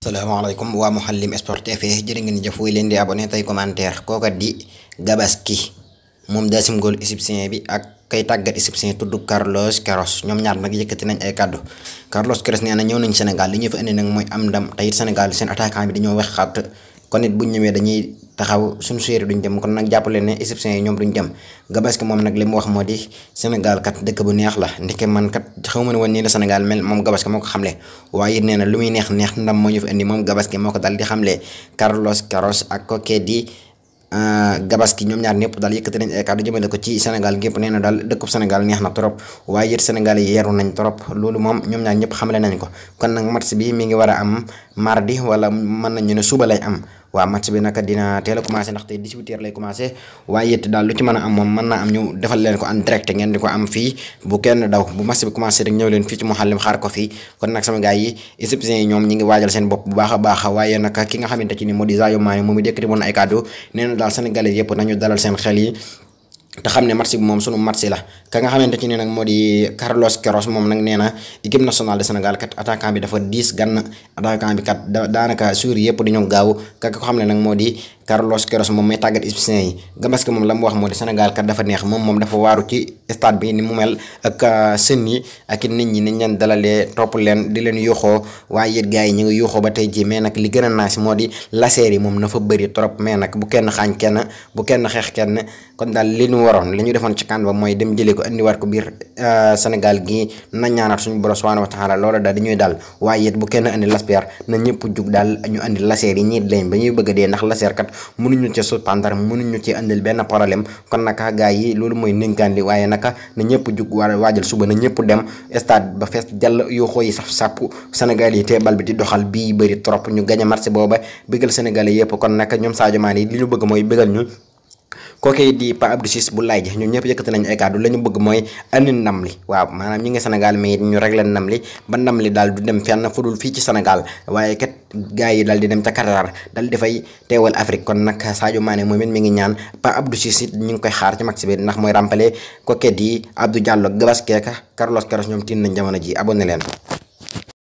salaamaaleykum waa Mouhalim Sport TV jërë ngeen jëf wuy leen di abonné tey commentaire kooka di Gabaski moom daasim góol égyptien bi ak kay tàggat égyptien tudd Carlos Queiroz ñoom ñaar nag yëkkati nañ ay kàddu Carlos Queiroz nee na ñëw nañ Sénégal li ñu fa indi nag mooy am ndam te it Sénégal seen attaquant bi dañoo wex xaat kon nit bu ñu ñëwee dañuy taxaw suñu séeréer duñ dem kon nag jàppale ne égyptiens yi ñoom duñ dem Gabaski moom nag li mu wax moo di Sénégal kat dëkk bu neex la ndeke man kat xaw ma ne woon nii la Sénégal mel moom Gabaski moo ko xamle waaye it nee na lu muy neex neex ndam moo ñu fi indi moom Gabaski moo ko dal di xamle Carlos Queiroz ak Koké di ah, Gabaski ñoom ñaar ñëpp daal yëkkati nañ ay kàddu jëmale ko ci Sénégal gépp nee na daal dëkkub Sénégal neex na trop waaye it Sénégal yeru nañ trop loolu moom ñoom ñaar ñëpp xamle nañ ko kon nag match bi mi ngi war a am mardi wala mën nañu ne suba lay am waa match bi naka dina teel a commencé ndaxte 18 lay commencé waaye it daal lu ci mën a am moom mën naa am ñu defal leen ko en direct ngeen di ko am fii bu kenn daw bu match bi commencé rek ñëw leen fii ci Mouhalim xaar ko fii kon nag sama gars yi égyptiens yi ñoom ñi ngi waajal seen bopp bu baax a baax waaye naka ki nga xamante ci ni moo di Sadio Mané moom it yëkkati woon ay kàddu nee na daal sénégalais yëpp nañu dalal seen xel te xam ne match bi moom sunu match la ka nga xamante ci ne nag moo di Carlos Queiroz moom nag nee na équipe nationale de Sénégal kat attaquant bi dafa diis gan attaquant bi kat daanaka suur yëpp di ñoom gaaw ka ko xam ne nag moo di Carlos Queiroz moom may tàggat égyptiens yi Gabaski moom la mu wax moo di Sénégal kat euh, leen dalalee topp leen di leen yi ñu ngi yuuxoo ba tey jii mais nag li gën a naas moo di laseer yi moom na fa bëri trop mais nag bu kenn xaañ kenn bu kenn daal li ñu waroon li ñu defoon ci kan mooy dem jëlee ko indiwaat ko biir euh, Sénégal gii na ñaanaat suñu borom subhanahu wa taala loola daal dañuy daal waaye it bu kenn andi laspère na ñëpp jug daal ñu andi laseer yi ñii leen ba ñuy bëgg dee ndax laseer kat ñu ci suspendre mënuñu ci andil benn problème kon naka gars yi loolu mooy ndénkaan li waaye naka na ñëpp jug waajal suba na ñëpp dem stade ba fes jàll yoo yi saf sàpp Sénégal yi teebal bi di doxal bii bëri trop ñu gañ a match booba bëggal Sénégal yëpp kon naka ñoom Sadio Mané yi li ñu bëgg mooy bëggal ñu kookee di Pa Abdou Ciss bu laay ji ñoom ñëpp yëkkati nañu ay kàddu la bëgg mooy andi ndam li waaw maanaam ngi nga Sénégal mais ñu leen ndam li ba ndam li daal du dem fenn fu dul fii ci Sénégal waaye kat gars yi daal di dem ca Qatar dal di fay teewal Afrique kon nag Sadio Mané moom it mi ngi ñaan Pa Abdou Ciss ñu ngi koy xaar ci match bi ndax mooy rampale kookee di Abdou Diallo Gabaskeka Carlos Queiroz ñoom tiin nañ jamono ji abonné leen